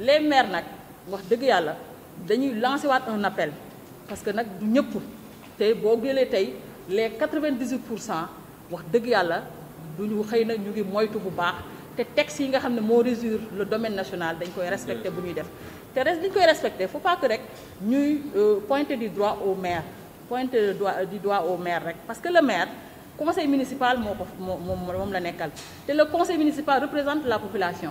les maires nak wax deug yalla dañuy lancer waat un appel parce que nak du ñëpp te boo jëlee les 98 wax deug yalla duñu ñu xëy ñu ngi moytu bu baax té texte yi nga xamné mo moo le domaine national dañ koy respecter bu ñuy def té reste dañ koy respecter faut pas que rek ñuy euh, pointer du droit au maire pointer du doigt au maire rek parce que le maire conseil municipal moko mom la nekkal té le conseil municipal représente la population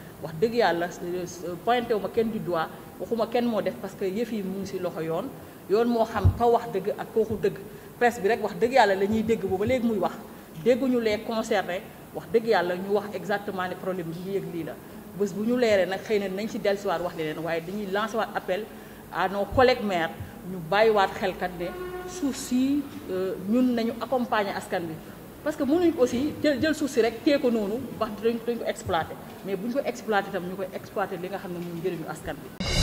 wax deug yalla euh, pointé wu ma kenn du droit waxuma kenn mo def parce que yëf yi mu ngi si loxo yoon yoon mo xam ka wax deug ak ka waxul dëgg presse bi rek wax deug yalla lañuy deug bo ba légui muy wax dégguñu les concernés wax deug yalla ñu wax exactement les problèmes bi ñu li la bëss bu ñu léré nak xeyna nañ ci si dellusiwaat wax leneen waye dañuy lancer waat appel à nos collègues maires ñu bàyyiwaat xel kat suuf souci euh, ñun nañu accompagner askan bi parce que mënuñ ko aussi jël jël suuf si rek tee ko noonu wax dañ ko exploité mais bu ñu ko exploité tam ñu koy exploité li nga xam ne moom njëriñu askan bi